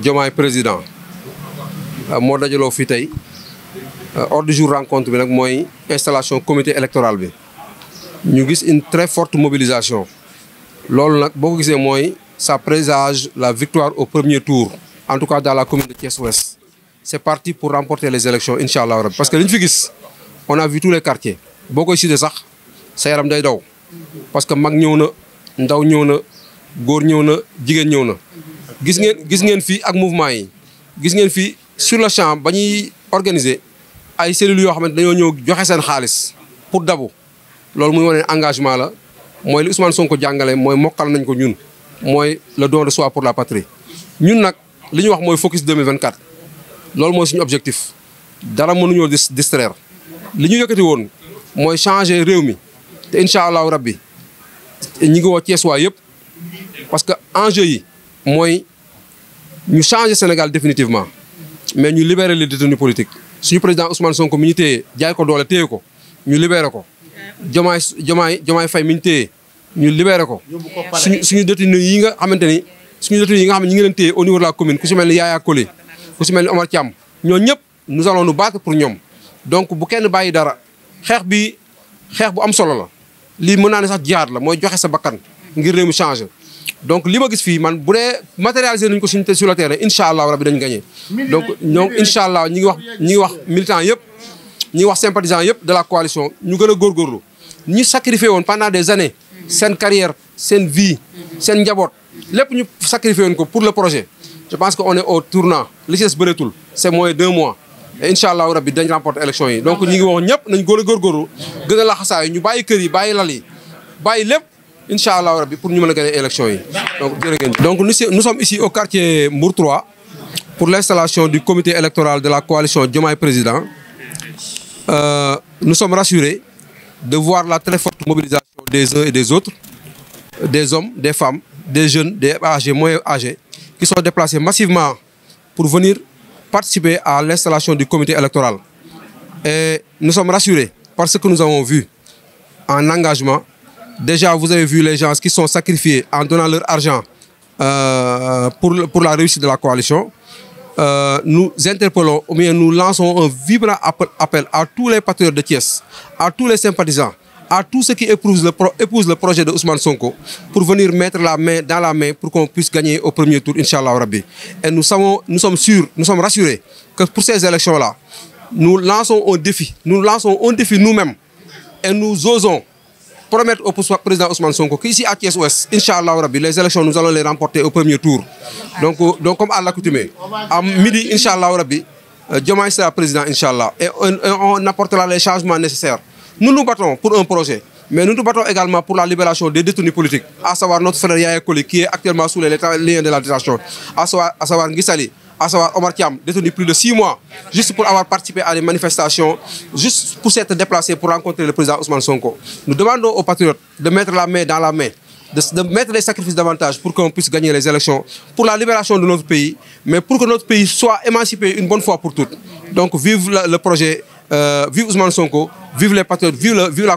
Diomaye président euh, moo dajaloo fi tey euh, ordre du jour rencontre bi nag mooy installation comité électoral bi ñu gis une très forte mobilisation loolu nag boo ko gisee mooy sa présage la victoire au premier tour en tout cas dans la commune ci Thiès-Ouest c'est parti pour remporter les élections incha allah rabbi parce que li ñu fi gis on a vu tous les quartiers boo koy cité sax sa yaram day daw parce que mag ñëw na ndaw ñëw na góor ñëw na jigéen ñëw na gis ngeen gis ngeen fii ak mouvement yi gis ngeen fii sur le champ ba ñuy organiser ay cellules yoo xamante dañoo ñëw joxe seen xaalis pour Dabou loolu muy wane engagement la mooy li Ousmane Sonko jàngale mooy mokkal nañ ko ñun mooy le don de pour la patrie ñun nag li ñu wax mooy focus 2024 loolu mooy suñu objectif dara mënuñoo dis distraire li ñu yëkkati woon mooy changé réew mi te incha allahu rabbi ñi ngi woo Cees waa yëpp parce que enjeu yi mooy ñu changer Sénégal définitivement mais ñu libérer les détenus politiques suñu président Ousmane Sonko mi ñu téye jaay ko doole téye ko ñu libere ko. Diomaye Diomaye Diomaye Faye mi ñu téye ñu libérer ko. suñu suñu détenus yi nga xamante ni suñu détenus yi nga xam ñu ngi leen téye au la commune ku si mel ni Yaya Collé ku si mel ni Omar Thiam ñoo ñëpp nous allons nu battre pour ñoom donc bu kenn bàyyi dara xeex bi xeex bu am solo la lii mën naa ne sax jihaad la mooy joxe sa bakkan ngir réew mi donc li ma gis fii man bu dee matérialisé nañu ko suñu sur le terrain incha allah rabi dañu gagné. donc ñoom incha allah ñi ngi wax ñi ngi wax militants yëpp. ñi ngi wax sympathisants yëpp de la coalition ñu gën a ñu sacrifié woon pendant des années. seen carrière seen vie. seen njaboot lépp ñu sacrifié woon ko pour le projet. je pense que on est au tournant li ci des bëreetul c'est moins deux mois. incha allahu rabbi dañ remporter élection yi donc ñi ngi wax ñëpp nañ góor a góorgóorlu gën ñu bàyyi kër yi bàyyi lal yi bàyyi lépp incha allah rabbi pour ñu mën a gagner élection yi donc jërëjëf donc nous sommes ici au quartier Mbour 3 pour l'installation du comité électoral de la coalition Diomaye Président euh, nous sommes de voir la très forte mobilisation des uns et des autres des hommes des femmes des jeunes des âgés moyens âgés qui sont déplacés massivement pour venir participer à l'installation du comité électoral et nous sommes rassurés parce que nous avons vu en engagement Déjà, vous avez vu les gens qui sont sacrifiés en donnant leur argent euh, pour, pour la réussite de la coalition. Euh, nous interpellons, ou bien nous lançons un vibrant appel, à tous les patriotes de Thiès, à tous les sympathisants, à tous ceux qui épousent le, pro, épousent le projet de Ousmane Sonko, pour venir mettre la main dans la main pour qu'on puisse gagner au premier tour, Inch'Allah Rabbi. Et nous, savons, nous sommes sûrs, nous sommes rassurés que pour ces élections-là, nous lançons un défi, nous lançons un défi nous-mêmes et nous osons promettre au président Ousmane Sonko qu'ici à Thiès Ouest, Inch'Allah Rabbi, les élections, nous allons les remporter au premier tour. Donc, euh, comme à l'accoutumée, à midi, Inch'Allah Rabbi, euh, Diomaye sera président, Inch'Allah, et on, on apportera les changements nécessaires. Nous nous battons pour un projet. Mais nous nous battons également pour la libération des détenus politiques, à notre frère Yaya Koli, qui actuellement sous les liens de la détention, à savoir, à savoir Omar Thiam, détenu plus de six mois, juste pour avoir participé à des manifestations, juste pour s'être déplacé pour rencontrer le président Ousmane Sonko. Nous demandons aux patriotes de mettre la main dans la main, de, de mettre les sacrifices davantage pour qu'on puisse gagner les élections, pour la libération de notre pays, mais pour que notre pays soit émancipé une bonne fois pour toutes. Donc vive le, le projet, euh, vive Ousmane Sonko, vive les patriotes, vive,